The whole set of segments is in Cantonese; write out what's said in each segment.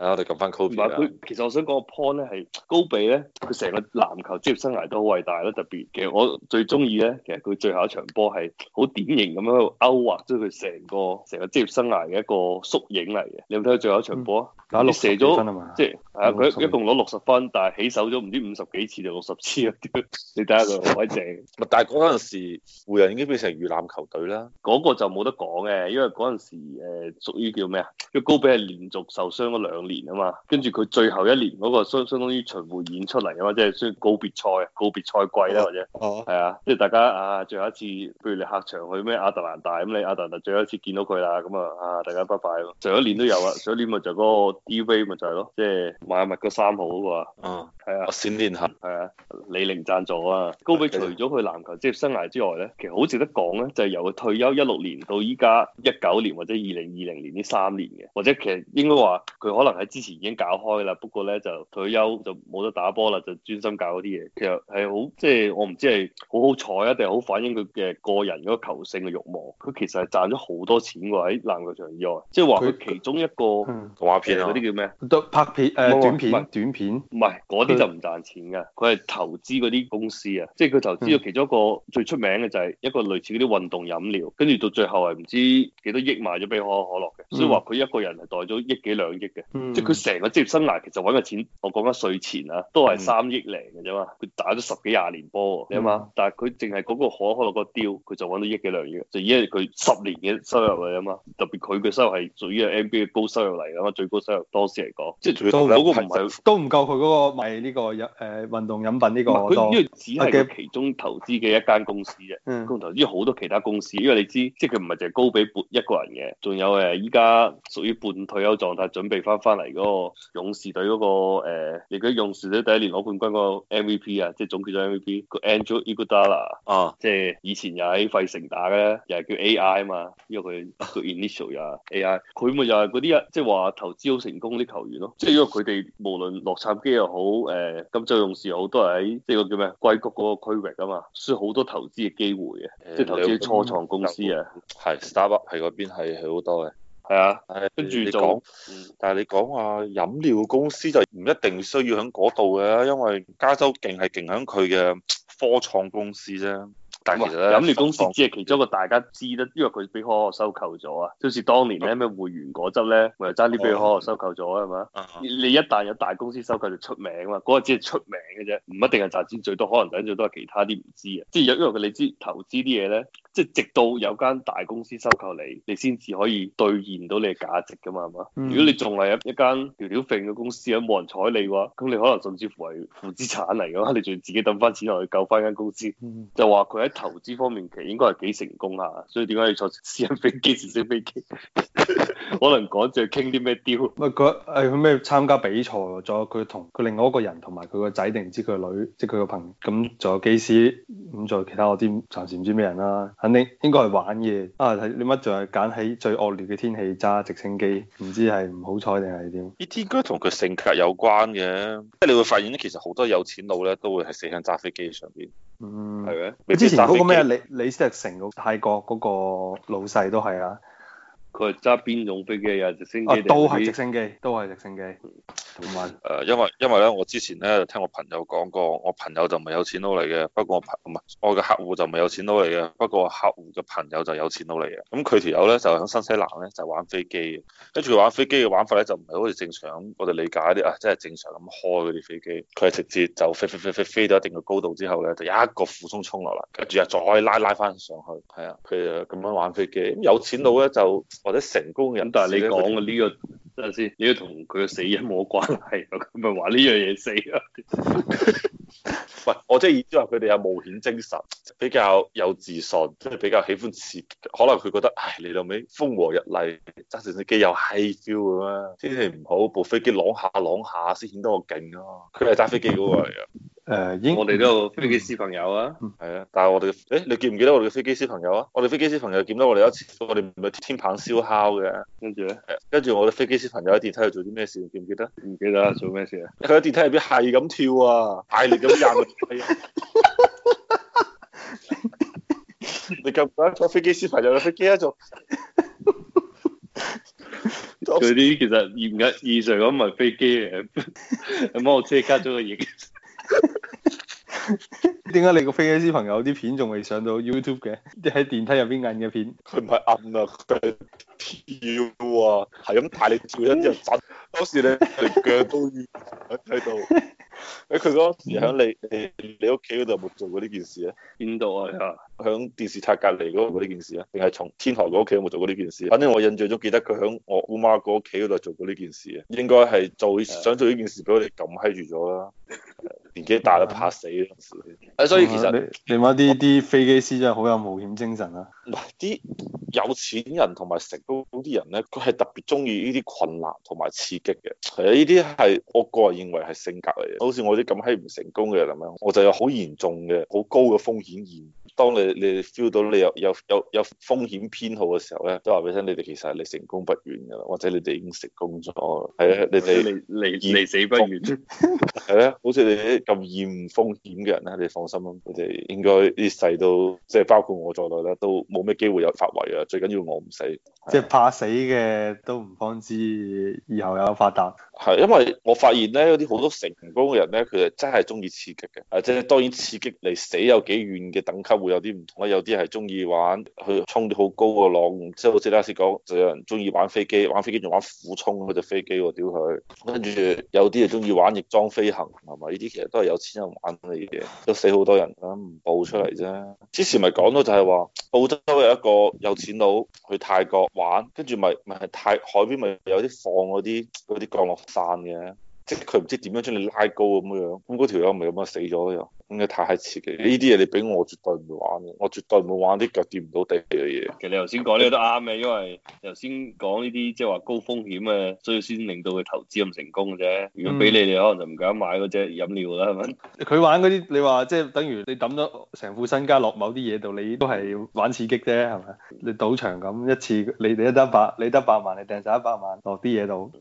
啊！我哋撳翻高比啊！唔係，其實我想講個 point 咧，係高比咧，佢成個籃球職業生涯都好偉大咯，特別嘅，我最中意咧，其實佢最，最後一場波係好典型咁樣喺度勾畫咗佢成個成個職業生涯嘅一個縮影嚟嘅。你有冇睇佢最後一場波啊？嗯打 你射咗分啊嘛，即係，啊佢一,一共攞六十分，但係起手咗唔知五十幾次就六十次啊？ 你睇下佢好鬼正。 但係嗰陣時，湖人已經變成魚腩球隊啦。嗰個就冇得講嘅，因為嗰陣時誒、呃、屬於叫咩啊？因高比係連續受傷嗰兩年啊嘛，跟住佢最後一年嗰個相相當於巡迴演出嚟噶嘛，即係算告別賽、告別賽季啦或者。哦。係 啊，即係大家啊最後一次，譬如你客場去咩亞特蘭大咁，你、啊、亞特蘭大最後一次見到佢啦，咁啊啊大家拜拜咯。上一年都有啊，上一年咪就係嗰、那個。d V 咪就係咯，即係買物個三號嗰個，嗯，係啊，啊閃電俠，係啊，李寧贊助啊。高比除咗佢籃球職業生涯之外咧，其實好值得講咧，就係由佢退休一六年到依家一九年或者二零二零年呢三年嘅，或者其實應該話佢可能喺之前已經搞開啦，不過咧就退休就冇得打波啦，就專心搞嗰啲嘢。其實係好即係我唔知係好好彩啊，定係好反映佢嘅個人嗰個球性嘅欲望。佢其實係賺咗好多錢嘅喺籃球場以外，即係話佢其中一個動畫片啊。的嗰啲叫咩？拍片誒、呃、短片，是短片唔係嗰啲就唔賺錢嘅。佢係他投資嗰啲公司啊，即係佢投資咗其中一個最出名嘅就係一個類似嗰啲運動飲料，跟住到最後係唔知幾多億賣咗俾可口可樂嘅。嗯、所以話佢一個人係袋咗億幾兩億嘅，嗯、即係佢成個職業生涯其實揾嘅錢，我講緊稅前啊，都係三億零嘅啫嘛。佢、嗯、打咗十幾廿年波，你諗下，但係佢淨係嗰個可口可樂個 deal，佢就揾到億幾兩億，就已經係佢十年嘅收入嚟啊嘛。特別佢嘅收入係屬於 NBA 嘅高收入嚟啊嘛，最高收入。多時嚟講，即係除咗都唔夠佢嗰個賣呢個飲誒運動飲品呢個。佢呢個只係其中投資嘅一間公司啫、啊。嗯，投資好多其他公司，因為你知，即係佢唔係淨係高比撥一個人嘅。仲有誒，依家屬於半退休狀態，準備翻翻嚟嗰個勇士隊嗰個，你記得勇士隊第一年攞冠軍嗰個 MVP 啊，即係總決賽 MVP 個 Andrew Iguodala 啊，即係以前又喺費城打嘅，又係叫 AI 啊嘛，因為佢 initial 啊 AI，佢咪又係嗰啲即係話投資好成功啲球員咯，即係因為佢哋無論洛杉磯又好，誒，金州勇士又好，都係喺即係個叫咩啊，硅谷嗰個區域啊嘛，需要好多投資嘅機會嘅，呃、即係投資初創公司、呃、啊，係 start up 喺嗰邊係係好多嘅，係啊，係跟住就，你說嗯、但係你講話、啊、飲料公司就唔一定需要喺嗰度嘅，因為加州勁係勁喺佢嘅科創公司啫。飲料公司只係其中一個，大家知得，因為佢俾可樂收購咗啊！好似當年咧咩匯源果汁咧，咪又爭啲俾可樂收購咗係嘛？你一旦有大公司收購，就出名啊嘛！嗰個只係出名嘅啫，唔一定係賺錢最多，可能第一做都係其他啲唔知啊！即係因為佢你知投資啲嘢咧。即係直到有間大公司收購你，你先至可以兌現到你嘅價值㗎嘛？係嘛？嗯、如果你仲係一間條條揈嘅公司咁，冇人睬你嘅話，咁你可能甚至乎係負資產嚟㗎嘛？你仲要自己抌翻錢落去救翻間公司，嗯、就話佢喺投資方面其實應該係幾成功下。所以點解要坐私人飛機直升飛機？可能趕住傾啲咩雕？唔係佢咩參加比賽？仲有佢同佢另外一個人，同埋佢個仔定唔知佢個女，即係佢個朋咁，仲有機師咁，仲有，有其他我啲暫時唔知咩人啦。肯定應該係玩嘢啊！你乜仲係揀喺最惡劣嘅天氣揸直升機？唔知係唔好彩定係點？呢啲應該同佢性格有關嘅，即係你會發現咧，其實好多有錢佬咧都會係死喺揸飛機上邊。嗯，係咩？你之前嗰個咩李李錫成個泰國嗰個老細都係啊！佢係揸邊種飛機啊？直升機、啊、都係直升機，都係直升機。同埋誒，因為因為咧，我之前咧就聽我朋友講過，我朋友就唔係有錢佬嚟嘅。不過我朋唔係我嘅客戶就唔係有錢佬嚟嘅。不過客戶嘅朋友就有錢佬嚟嘅。咁佢條友咧就喺新西蘭咧就是、玩飛機，跟住玩飛機嘅玩法咧就唔係好似正常我哋理解啲啊，即係正常咁開嗰啲飛機。佢係直接就飛飛飛飛飛到一定嘅高度之後咧，就一個俯衝衝落嚟，跟住又再拉拉翻上去。係啊，佢就咁樣玩飛機。咁有錢佬咧就。或者成功嘅人，但係你講嘅呢個真係先，你要同佢嘅死因冇關係，佢唔係話呢樣嘢死，唔係我即係意思話佢哋有冒險精神，比較有自信，即係比較喜歡刺激。可能佢覺得唉你老味風和日麗，揸直升機又 high feel 咁啊，天氣唔好部飛機啷下啷下先顯到我勁啊，佢係揸飛機嗰個嚟啊。誒，uh, 我哋都有飛機師朋友啊，係啊、嗯，但係我哋誒、欸，你記唔記得我哋嘅飛機師朋友啊？我哋飛機師朋友見到我哋有一次我哋唔係天棚燒烤嘅，跟住咧，跟住我哋飛機師朋友喺電梯度做啲咩事？記唔記得？唔記得做咩事啊？佢喺電梯入邊係咁跳啊，大力咁入，係啊，你咁講，我飛機師朋友嘅飛機喺做。佢啲 其實嚴格意義上講唔係飛機嘅，咁 我車加咗個翼。點解 你個飛機師朋友啲片仲未上到 YouTube 嘅？即 喺電梯入邊印嘅片，佢唔係暗啊，佢跳啊，係咁大力跳出啲人真。當時隻腳都喺度，喺佢嗰時喺你你你屋企嗰度有冇做過呢件事咧？見到啊！喺電視塔隔離嗰個做呢件事咧，定係從天河個屋企有冇做過呢件事？反正我印象中記得佢喺我姑媽個屋企嗰度做過呢件事啊，應該係做的想做呢件事俾我哋撳閪住咗啦。的年紀大啦，怕死啦。啊，所以其實你你話啲啲飛機師真係好有冒險精神啊？唔啲有錢人同埋成功啲人咧，佢係特別中意呢啲困難同埋刺激嘅。係啊，呢啲係我個人認為係性格嚟嘅。好似我啲撳閪唔成功嘅人咁樣，我就有好嚴重嘅好高嘅風險當你你 feel 到你有有有有風險偏好嘅時候咧，都話俾你聽，你哋其實係離成功不遠嘅啦，或者你哋已經成功咗，係啊，你哋離離離死不遠，係啊， 好似你啲咁厭風險嘅人咧，你放心啦，佢哋應該一世都即係包括我在內咧，都冇咩機會有發圍啊，最緊要我唔死，即係怕死嘅都唔方知以後有發達。係，因為我發現咧，有啲好多成功嘅人咧，佢哋真係中意刺激嘅。誒，即係當然刺激離死有幾遠嘅等級會有啲唔同啦。有啲係中意玩去衝啲好高嘅浪，即係好似啱先講，就有人中意玩飛機，玩飛機仲玩俯衝嗰隻飛機喎，屌佢！跟住有啲又中意玩翼裝飛行，係咪？呢啲其實都係有錢人玩嚟嘅，都死好多人啦，唔報出嚟啫。之前咪講到就係話，澳洲有一個有錢佬去泰國玩，跟住咪咪泰海邊咪有啲放啲嗰啲降落。散嘅，即係佢唔知點樣將你拉高咁嘅樣，咁嗰條友咪咁樣死咗又，咁樣太刺激。呢啲嘢你俾我絕對唔會玩嘅，我絕對唔會玩啲腳掂唔到地嘅嘢。其實你頭先講呢個都啱嘅，因為頭先講呢啲即係話高風險嘅，所以先令到佢投資咁成功嘅啫。如果俾你，你、嗯、可能就唔敢買嗰隻飲料啦，係咪？佢玩嗰啲你話即係等於你抌咗成副身家落某啲嘢度，你都係玩刺激啫，係咪？你賭場咁一次，你哋一得百，你得百萬，你掟晒一百萬落啲嘢度。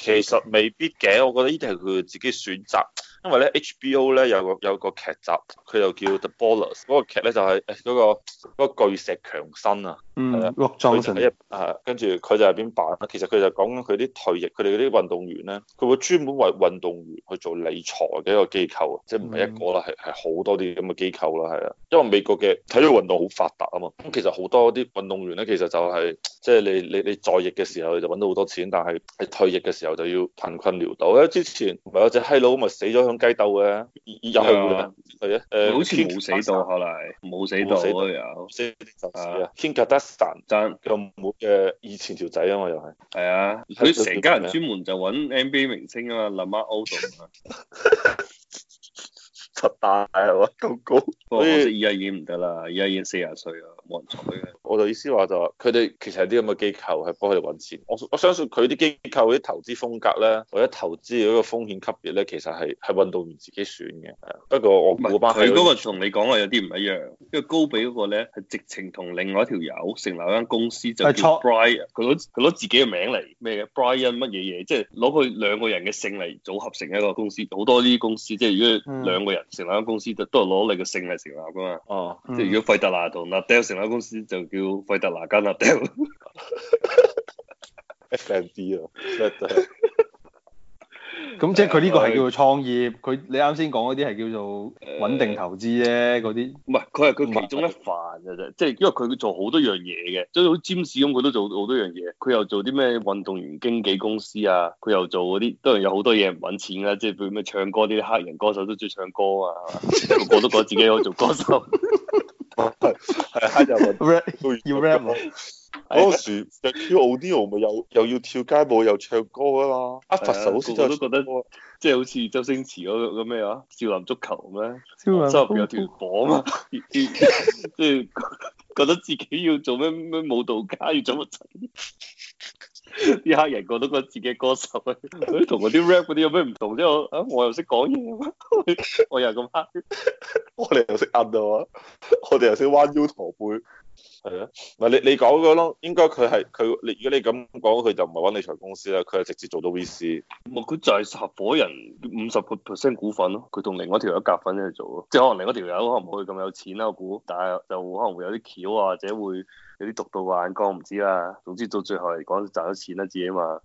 其實未必嘅，我覺得依啲係佢自己選擇。因為咧 HBO 咧有個有個劇集，佢又叫 The Ballers，嗰個劇咧就係、是、嗰、那個嗰、那個、巨石強森啊，係啊、嗯，巨石強森啊，跟住佢就係點辦咧？其實佢就講緊佢啲退役，佢哋嗰啲運動員咧，佢會專門為運動員去做理財嘅一個機構，即係唔係一個啦，係係好多啲咁嘅機構啦，係啊。因為美國嘅體育運動好發達啊嘛，咁其實好多啲運動員咧，其實就係、是、即係你你你在役嘅時候就搵到好多錢，但係喺退役嘅時候就要貧困潦倒。因為之前唔係有隻黑佬咪死咗。種雞竇嘅，有啊，係啊，誒，好似冇死到後黎，冇才死到又、啊、，King Kardashian 爭佢母嘅以前條仔啊嘛又係，係啊，佢成、啊、家人專門就揾 NBA 明星啊嘛，l a Lamar Odom 啊。麼 十大係嘛咁高？公公所以而家已經唔得啦，而家已經四廿歲啦，冇人睬嘅。我就意思話就話，佢哋其實係啲咁嘅機構係幫佢哋揾錢。我我相信佢啲機構啲投資風格咧，或者投資嗰個風險級別咧，其實係係運動員自己選嘅。不過我古巴喺嗰個同你講係有啲唔一樣，因為高比嗰個咧係直情同另外一條友成立間公司就叫錯 Brian，佢攞佢攞自己嘅名嚟咩嘢 Brian 乜嘢嘢，即係攞佢兩個人嘅姓嚟組合成一個公司。好多啲公司即係如果兩個人。嗯成間公司都都係攞你嘅姓嚟成立噶嘛？哦，即係如果費特拿同納掉成間公司就叫費特拿加納掉，Fandie 咯，咁、嗯、即係佢呢個係叫做創業，佢、嗯、你啱先講嗰啲係叫做穩定投資啫，嗰啲唔係佢係佢其中一環嘅啫，即係是因為佢做好多樣嘢嘅，即係好似詹士咁，佢都做好多樣嘢，佢又做啲咩運動員經紀公司啊，佢又做嗰啲當然有好多嘢揾錢啦、啊，即係譬如咩唱歌啲黑人歌手都中意唱歌啊，個個 都覺得自己可以做歌手。 係，係黑 要 Ram 啊！嗰時又跳、o、d i 咪 又又要跳街舞又唱歌啊嘛！阿 佛手個個都覺得， 即係好似周星馳個咩啊？少林足球咁咧，心入邊有團火啊嘛！即 係覺得自己要做咩咩舞蹈家，要做乜 啲黑人過到個自己歌手咧， 佢同嗰啲 rap 嗰啲有咩唔同啫？我，我又識講嘢，我又咁黑， 我哋又識噏 啊？我哋又識彎腰駝背，係啊。嗱，你你講個咯，應該佢係佢。如果你咁講，佢就唔係揾理財公司啦，佢係直接做到 V C。唔，佢就係合夥人，五十個 percent 股份咯。佢同另一條友夾份一齊做咯，即係可能另一條友可能唔會咁有錢啦，我估，但係就可能會有啲橋或者會。有啲獨到嘅眼光，唔知啦、啊。總之到最後嚟講，賺咗錢啦、啊、自己嘛。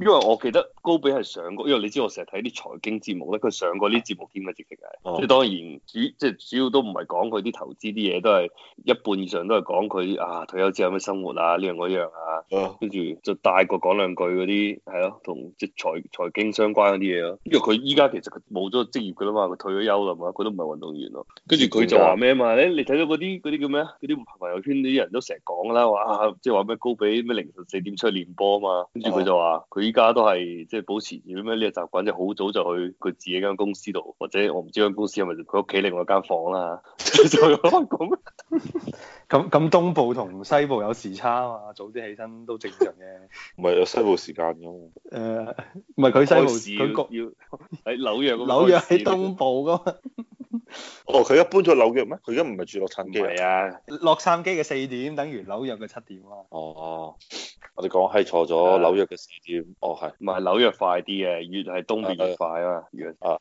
因為我記得高比係上過，因為你知我成日睇啲財經節目咧，佢上過啲節目添嘅職業啊。其實嗯、即係當然主，即係主要都唔係講佢啲投資啲嘢，都係一半以上都係講佢啊退休之後嘅生活啊呢樣嗰樣啊。跟住、嗯、就大過講兩句嗰啲係咯，同即係財財經相關嗰啲嘢咯。因為佢依家其實冇咗職業㗎啦嘛，佢退咗休啦嘛，佢都唔係運動員咯。跟住佢就話咩啊嘛？誒，你睇到嗰啲啲叫咩啊？嗰啲朋友圈啲人都～成日講啦，話即係話咩高比咩凌晨四點出去練波啊嘛，跟住佢就話佢依家都係即係保持住咩呢個習慣，即係好早就去佢自己間公司度，或者我唔知間公司係咪佢屋企另外一間房啦。咁 咁、 嗯嗯，東部同西部有時差啊嘛，早啲起身都正常嘅。唔係 有西部時間噶誒，唔係佢西部，佢、啊、國要喺紐約、啊，紐約喺東部噶 哦，佢而家搬咗紐約咩？佢而家唔係住洛杉磯，係啊，洛杉磯嘅四點等於紐約嘅七點啊。哦，我哋講係錯咗紐約嘅四點。啊、哦係唔係紐約快啲嘅、啊，越係東邊越快啊，越啊。越是啊